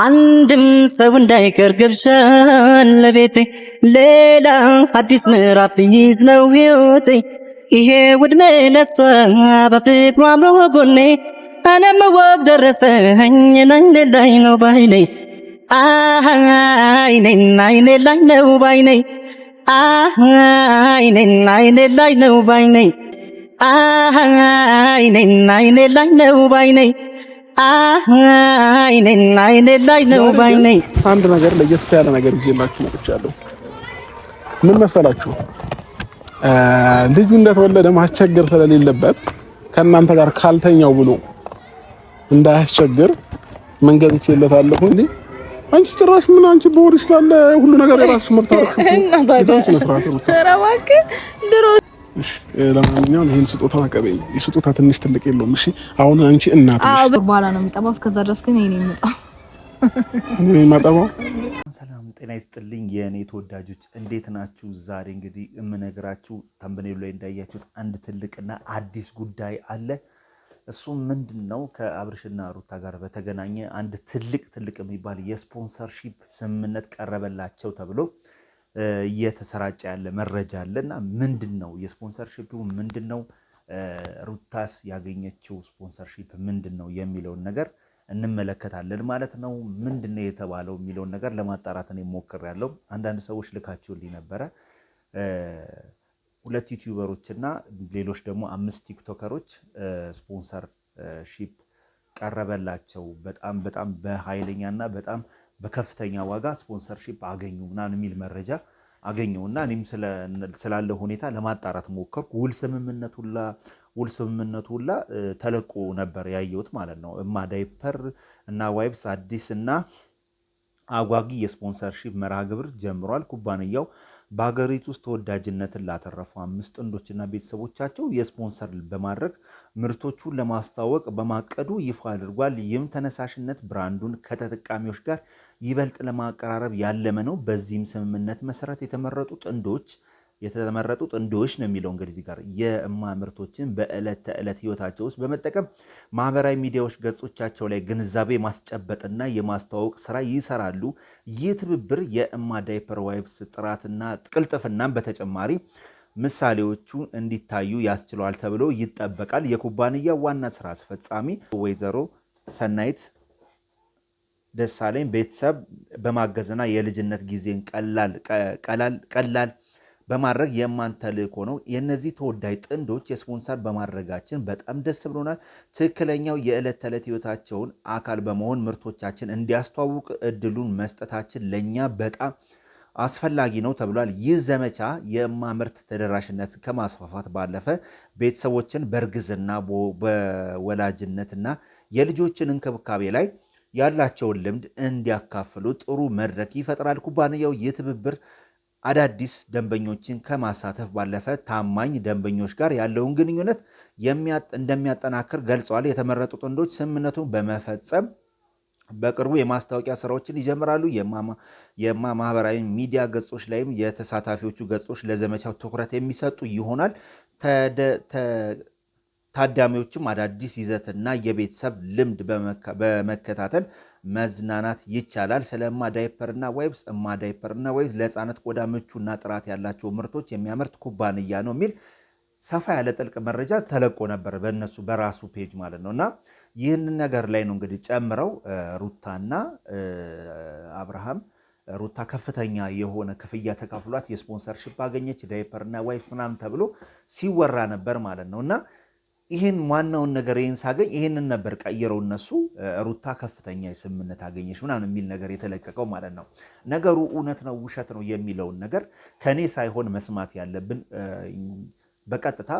አንድም ሰው እንዳይቀር ገብሻን ለቤቴ ሌላ አዲስ ምዕራፍ ይዝ ነው ሕይወቴ ይሄ ውድሜ ነሷ በፍቅሩ አምሮ ጎኔ እኔም ወብ ደረሰኝ አይኔ ላይ ነው ባይኔ አይኔና አይኔ ላይ ነው ባይኔ አይኔና አይኔ ላይ ነው ባይኔ አይኔና አይኔ ላይ ነው ባይኔ አይኔ ላይ ነው ባይኔ። አንድ ነገር ለየት ያለ ነገር ይዤላችሁ መጥቻለሁ። ምን መሰላችሁ? ልጁ እንደተወለደ ማስቸገር ስለሌለበት ከእናንተ ጋር ካልተኛው ብሎ እንዳያስቸግር መንገድ ይችላልታለሁ እንዴ አንቺ ጭራሽ ምን አንቺ በወር ይችላል ሁሉ ነገር የራስሽ ምርታለሽ እና ታዲያ ድሮ ለማንኛውም ይህን ስጦታ አቀበኝ። የስጦታ ትንሽ ትልቅ የለውም። እሺ አሁን አንቺ እናት በኋላ ነው የሚጠባው። እስከዛ ድረስ ግን ይሄን የሚጠባው እኔ የማጠባው። ሰላም ጤና ይስጥልኝ የእኔ ተወዳጆች፣ እንዴት ናችሁ? ዛሬ እንግዲህ የምነግራችሁ ተንብኔሉ ላይ እንዳያችሁት አንድ ትልቅና አዲስ ጉዳይ አለ። እሱም ምንድን ነው? ከአብርሽና ሩታ ጋር በተገናኘ አንድ ትልቅ ትልቅ የሚባል የስፖንሰርሺፕ ስምምነት ቀረበላቸው ተብሎ እየተሰራጨ ያለ መረጃ አለ እና ምንድን ነው የስፖንሰርሽፕ ምንድን ነው ሩታስ ያገኘችው ስፖንሰርሺፕ ምንድን ነው የሚለውን ነገር እንመለከታለን ማለት ነው። ምንድን ነው የተባለው የሚለውን ነገር ለማጣራት እኔ ያለው አንዳንድ ሰዎች ልካችሁልኝ ነበረ። ሁለት ዩቲዩበሮች እና ሌሎች ደግሞ አምስት ቲክቶከሮች ስፖንሰርሺፕ ቀረበላቸው። በጣም በጣም በኃይለኛ እና በጣም በከፍተኛ ዋጋ ስፖንሰርሺፕ አገኙ ምናምን የሚል መረጃ እና እኔም ስላለ ሁኔታ ለማጣራት ሞከርኩ። ውል ስምምነቱላ ውል ስምምነቱላ ተለቆ ነበር ያየሁት ማለት ነው። እማ ዳይፐር እና ዋይብስ አዲስ እና አጓጊ የስፖንሰርሺፕ መርሃ ግብር ጀምሯል። ኩባንያው በሀገሪቱ ውስጥ ተወዳጅነትን ላተረፉ አምስት ጥንዶችና ቤተሰቦቻቸው የስፖንሰር በማድረግ ምርቶቹን ለማስተዋወቅ በማቀዱ ይፋ አድርጓል። ይህም ተነሳሽነት ብራንዱን ከተጠቃሚዎች ጋር ይበልጥ ለማቀራረብ ያለመ ነው። በዚህም ስምምነት መሰረት የተመረጡ ጥንዶች የተመረጡ ጥንዶች ነው የሚለው እንግዲህ እዚህ ጋር የእማ ምርቶችን በዕለት ተዕለት ህይወታቸው ውስጥ በመጠቀም ማህበራዊ ሚዲያዎች ገጾቻቸው ላይ ግንዛቤ ማስጨበጥና የማስተዋወቅ ስራ ይሰራሉ። ይህ ትብብር የእማ ዳይፐር ዋይፕስ ጥራትና ቅልጥፍናን በተጨማሪ ምሳሌዎቹ እንዲታዩ ያስችለዋል ተብሎ ይጠበቃል። የኩባንያ ዋና ስራ አስፈጻሚ ወይዘሮ ሰናይት ደሳለኝ ቤተሰብ በማገዝና የልጅነት ጊዜን ቀላል በማድረግ የማን ተልእኮ ነው። የእነዚህ ተወዳጅ ጥንዶች የስፖንሰር በማድረጋችን በጣም ደስ ብሎናል። ትክክለኛው የዕለት ተዕለት ህይወታቸውን አካል በመሆን ምርቶቻችን እንዲያስተዋውቅ እድሉን መስጠታችን ለእኛ በጣም አስፈላጊ ነው ተብሏል። ይህ ዘመቻ ምርት ተደራሽነት ከማስፋፋት ባለፈ ቤተሰቦችን በእርግዝና በወላጅነትና የልጆችን እንክብካቤ ላይ ያላቸውን ልምድ እንዲያካፍሉ ጥሩ መድረክ ይፈጥራል። ኩባንያው የትብብር አዳዲስ ደንበኞችን ከማሳተፍ ባለፈ ታማኝ ደንበኞች ጋር ያለውን ግንኙነት እንደሚያጠናክር ገልጸዋል። የተመረጡ ጥንዶች ስምምነቱን በመፈጸም በቅርቡ የማስታወቂያ ስራዎችን ይጀምራሉ። የማ ማህበራዊ ሚዲያ ገጾች ላይም የተሳታፊዎቹ ገጾች ለዘመቻው ትኩረት የሚሰጡ ይሆናል። ታዳሚዎችም አዳዲስ ይዘትና የቤተሰብ ልምድ በመከታተል መዝናናት ይቻላል። ስለ እማ ዳይፐርና ዋይፕስ እማ ዳይፐርና ዋይፕስ ለህፃናት ቆዳ ምቹና ጥራት ያላቸው ምርቶች የሚያመርት ኩባንያ ነው የሚል ሰፋ ያለ ጥልቅ መረጃ ተለቆ ነበር በእነሱ በራሱ ፔጅ ማለት ነው። እና ይህንን ነገር ላይ ነው እንግዲህ ጨምረው ሩታና አብርሃም ሩታ ከፍተኛ የሆነ ክፍያ ተካፍሏት የስፖንሰርሽፕ አገኘች ዳይፐርና ዋይፕስ ምናምን ተብሎ ሲወራ ነበር ማለት ነው እና ይህን ዋናውን ነገር ይህን ሳገኝ ይህንን ነበር ቀይረው እነሱ ሩታ ከፍተኛ የስምምነት አገኘች ምናምን የሚል ነገር የተለቀቀው ማለት ነው። ነገሩ እውነት ነው ውሸት ነው የሚለውን ነገር ከኔ ሳይሆን መስማት ያለብን በቀጥታ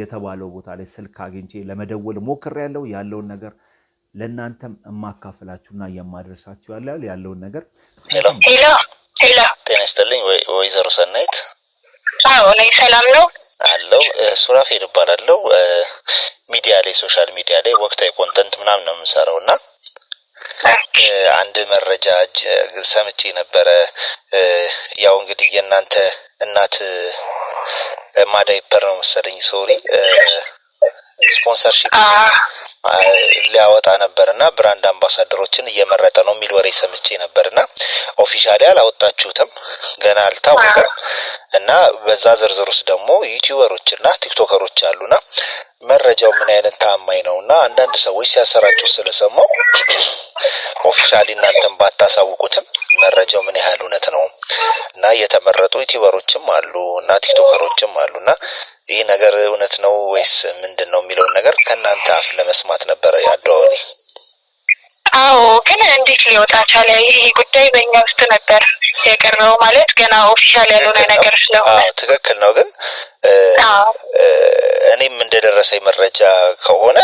የተባለው ቦታ ላይ ስልክ አግኝቼ ለመደወል ያለው ያለውን ነገር ለእናንተም የማካፍላችሁና የማደርሳችሁ ያለ ያለውን ነገር ጤና ይስጥልኝ። ወይዘሮ ሰናይት እኔ ሰላም ነው አለው ሱራፌል እባላለሁ። ሚዲያ ላይ ሶሻል ሚዲያ ላይ ወቅታዊ ኮንተንት ምናምን ነው የምንሰራው እና አንድ መረጃ ሰምቼ ነበረ። ያው እንግዲህ የእናንተ እናት ማዳይፐር ነው መሰለኝ ሶሪ ስፖንሰርሺፕ ሊያወጣ ነበር ብራንድ አምባሳደሮችን እየመረጠ ነው የሚል ወሬ ሰምቼ ነበር እና ኦፊሻሊ አላወጣችሁትም፣ ገና አልታወቀም እና በዛ ዝርዝር ውስጥ ደግሞ ዩቲዩበሮች እና ቲክቶከሮች አሉና መረጃው ምን አይነት ታማኝ ነው እና አንዳንድ ሰዎች ሲያሰራጩ ስለሰማው ኦፊሻሊ እናንተን ባታሳውቁትም መረጃው ምን ያህል እውነት ነው እና እየተመረጡ ዩቲዩበሮችም አሉ እና ቲክቶከሮችም አሉ እና ይህ ነገር እውነት ነው ወይስ ምንድን ነው የሚለውን ነገር ከእናንተ አፍ ለመስማት ነበረ ያደዋወሌ። አዎ፣ ግን እንዴት ሊወጣ ቻለ? ይህ ጉዳይ በእኛ ውስጥ ነበር የቀረው ማለት ገና ኦፊሻል ያልሆነ ነገር ስለሆነ ትክክል ነው። ግን እኔም እንደደረሰኝ መረጃ ከሆነ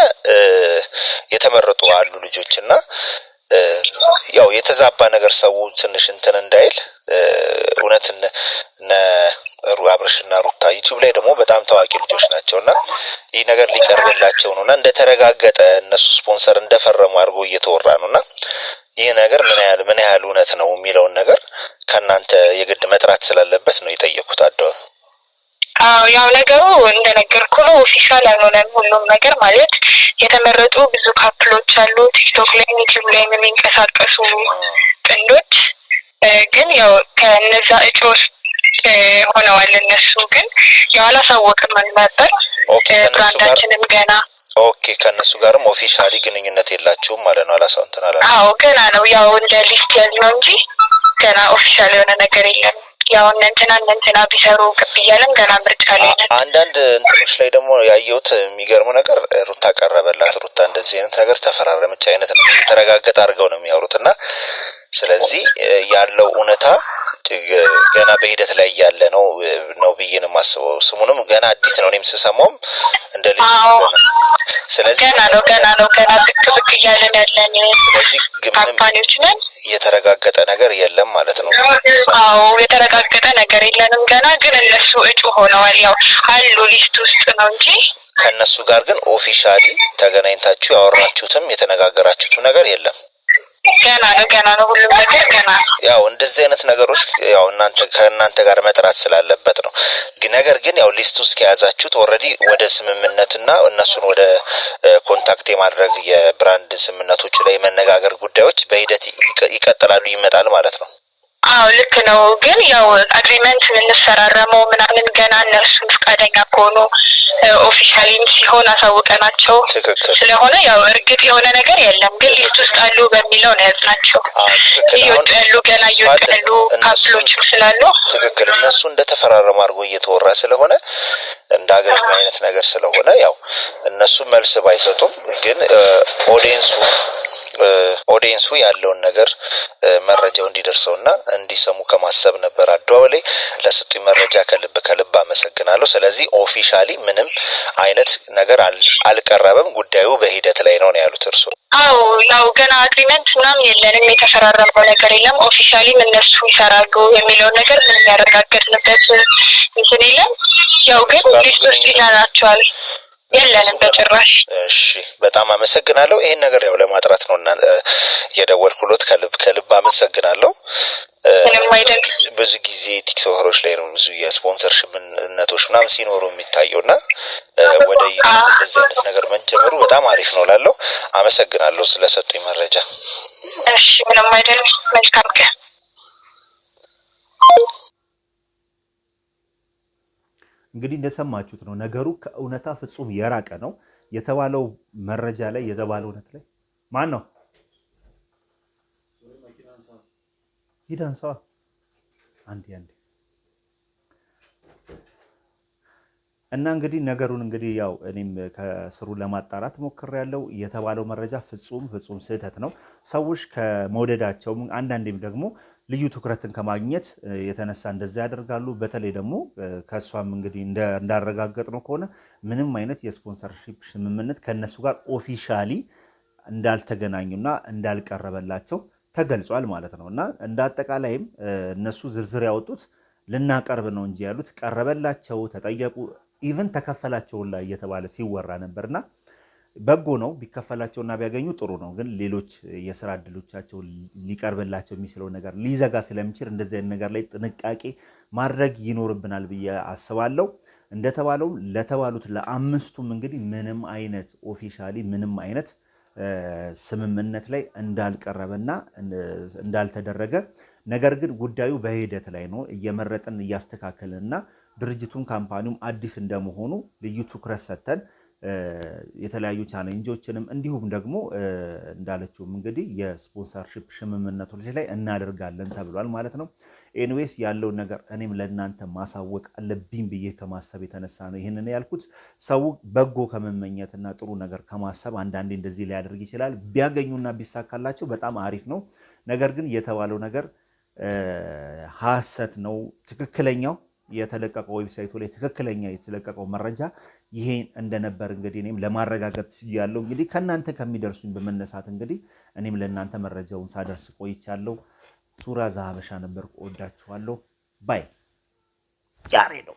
የተመረጡ አሉ ልጆች እና ያው የተዛባ ነገር ሰው ትንሽ እንትን እንዳይል እውነት አብርሽና ሩታ ዩቲዩብ ላይ ደግሞ በጣም ታዋቂ ልጆች ናቸው እና ይህ ነገር ሊቀርብላቸው ነው እና እንደተረጋገጠ እነሱ ስፖንሰር እንደፈረሙ አድርጎ እየተወራ ነው እና ይህ ነገር ምን ያህል ምን ያህል እውነት ነው የሚለውን ነገር ከእናንተ የግድ መጥራት ስላለበት ነው የጠየኩት። አዎ፣ ያው ነገሩ እንደነገርኩ ነው። ኦፊሻል አልሆነም ሁሉም ነገር ማለት የተመረጡ ብዙ ካፕሎች አሉት በንግድም ላይም የሚንቀሳቀሱ ጥንዶች ግን ያው ከነዛ ውስጥ ሆነዋል። እነሱ ግን ያው አላሳወቅንም ነበር ብራንዳችንም ገና ኦኬ ከእነሱ ጋርም ኦፊሻሊ ግንኙነት የላችሁም ማለት ነው። አላሳውንትን አላ አዎ ገና ነው ያው እንደ ሊስት ያዝ ነው እንጂ ገና ኦፊሻል የሆነ ነገር የለም። ያው እነ እንትና እነ እንትና ቢሰሩ ቅብ እያለን ገና ምርጫ ላይ ነን። አንዳንድ እንትኖች ላይ ደግሞ ያየሁት የሚገርሙ ነገር ሩታ ቀረበላት፣ ሩታ እንደዚህ አይነት ነገር ተፈራረመች አይነት ነው ተረጋገጠ አድርገው ነው የሚያወሩት እና ስለዚህ ያለው እውነታ ገና በሂደት ላይ እያለ ነው ነው ብዬ ነው የማስበው። ስሙንም ገና አዲስ ነው እኔም ስሰማውም እንደ ልጅ ስለዚህ ገና ነው ገና ነው ገና ብቅ ብቅ እያለን ያለን ስለዚህ ግምንም ካምፓኒዎች ነን የተረጋገጠ ነገር የለም ማለት ነው። አዎ የተረጋገጠ ነገር የለንም ገና ግን እነሱ እጩ ሆነዋል። ያው አሉ ሊስት ውስጥ ነው እንጂ ከእነሱ ጋር ግን ኦፊሻሊ ተገናኝታችሁ ያወራችሁትም የተነጋገራችሁትም ነገር የለም። ገና ነው ገና ነው ሁሉም ነገር ገና ያው እንደዚህ አይነት ነገሮች ያው እናንተ ከእናንተ ጋር መጥራት ስላለበት ነው። ነገር ግን ያው ሊስት ውስጥ ከያዛችሁት ኦልሬዲ ወደ ስምምነትና እነሱን ወደ ኮንታክት የማድረግ የብራንድ ስምምነቶች ላይ መነጋገር ጉዳዮች በሂደት ይቀጥላሉ ይመጣል ማለት ነው። አዎ ልክ ነው። ግን ያው አግሪመንት የምንፈራረመው ምናምን ገና እነሱን ፈቃደኛ ከሆኑ ኦፊሻሊም ሲሆን አሳውቀናቸው ስለሆነ ያው እርግጥ የሆነ ነገር የለም፣ ግን ሊስት ውስጥ አሉ በሚለው ነው ያዝናቸው። እየወጡ ያሉ ገና እየወጡ ያሉ ካፕሎችም ስላሉ ትክክል እነሱ እንደተፈራረሙ አድርጎ እየተወራ ስለሆነ እንደ ሀገርኛ አይነት ነገር ስለሆነ ያው እነሱ መልስ ባይሰጡም ግን ኦዲየንሱ ኦዲየንሱ ያለውን ነገር መረጃው እንዲደርሰውና እንዲሰሙ ከማሰብ ነበር። አደባባይ ለሰጡኝ መረጃ ከልብ ከልብ አመሰግናለሁ። ስለዚህ ኦፊሻሊ ምንም አይነት ነገር አልቀረበም፣ ጉዳዩ በሂደት ላይ ነው ነው ያሉት እርሱ። አዎ ያው ገና አግሪመንት ምናምን የለንም፣ የተፈራረመው ነገር የለም። ኦፊሻሊም እነሱ ይሰራሉ የሚለውን ነገር ምንም ያረጋገጥንበት እንትን የለም። ያው ግን ሊስቶች ይናናቸዋል የለንም በጭራሽ። እሺ፣ በጣም አመሰግናለሁ። ይሄን ነገር ያው ለማጥራት ነው እና የደወልኩሎት ከልብ ከልብ አመሰግናለሁ። ብዙ ጊዜ ቲክቶከሮች ላይ ነው ብዙ የስፖንሰርሽምነቶች ምናምን ሲኖሩ የሚታየው እና ወደ እንደዚህ አይነት ነገር መጀመሩ በጣም አሪፍ ነው ላለው አመሰግናለሁ ስለሰጡኝ መረጃ። እሺ ምንም አይደል። መልካም ቀን። እንግዲህ እንደሰማችሁት ነው ነገሩ ከእውነታ ፍጹም የራቀ ነው። የተባለው መረጃ ላይ የተባለው እውነት ላይ ማን ነው ሰዋ አንዴ አንዴ እና እንግዲህ ነገሩን እንግዲህ ያው እኔም ከስሩ ለማጣራት ያለው የተባለው መረጃ ፍጹም ፍጹም ስህተት ነው። ሰዎች ከመውደዳቸውም አንዳንዴም ደግሞ ልዩ ትኩረትን ከማግኘት የተነሳ እንደዛ ያደርጋሉ። በተለይ ደግሞ ከእሷም እንግዲህ እንዳረጋገጥ ነው ከሆነ ምንም አይነት የስፖንሰርሺፕ ስምምነት ከእነሱ ጋር ኦፊሻሊ እንዳልተገናኙና እንዳልቀረበላቸው ተገልጿል ማለት ነው። እና እንደ አጠቃላይም እነሱ ዝርዝር ያወጡት ልናቀርብ ነው እንጂ ያሉት ቀረበላቸው፣ ተጠየቁ፣ ኢቨን ተከፈላቸውን ላይ እየተባለ ሲወራ ነበርና በጎ ነው ቢከፈላቸውና ቢያገኙ ጥሩ ነው። ግን ሌሎች የስራ እድሎቻቸው ሊቀርብላቸው የሚችለው ነገር ሊዘጋ ስለሚችል እንደዚህ አይነት ነገር ላይ ጥንቃቄ ማድረግ ይኖርብናል ብዬ አስባለሁ። እንደተባለውም ለተባሉት ለአምስቱም እንግዲህ ምንም አይነት ኦፊሻሊ ምንም አይነት ስምምነት ላይ እንዳልቀረበና እንዳልተደረገ ነገር ግን ጉዳዩ በሂደት ላይ ነው። እየመረጠን እያስተካከልንና ድርጅቱን ካምፓኒውም አዲስ እንደመሆኑ ልዩ ትኩረት ሰጥተን የተለያዩ ቻሌንጆችንም እንዲሁም ደግሞ እንዳለችውም እንግዲህ የስፖንሰርሽፕ ሽምምነቶች ላይ እናደርጋለን ተብሏል ማለት ነው። ኤንዌስ ያለውን ነገር እኔም ለእናንተ ማሳወቅ አለብኝ ብዬ ከማሰብ የተነሳ ነው ይህንን ያልኩት። ሰው በጎ ከመመኘትና ጥሩ ነገር ከማሰብ አንዳንዴ እንደዚህ ሊያደርግ ይችላል። ቢያገኙና ቢሳካላቸው በጣም አሪፍ ነው። ነገር ግን የተባለው ነገር ሀሰት ነው። ትክክለኛው የተለቀቀው ዌብሳይቱ ላይ ትክክለኛ የተለቀቀው መረጃ ይሄ እንደነበር እንግዲህ እኔም ለማረጋገጥ ያለው እንግዲህ ከእናንተ ከሚደርሱኝ በመነሳት እንግዲህ እኔም ለእናንተ መረጃውን ሳደርስ ቆይቻለሁ። ሱራ ዘሀበሻ ነበር። እወዳችኋለሁ። ባይ ያሬ ነው።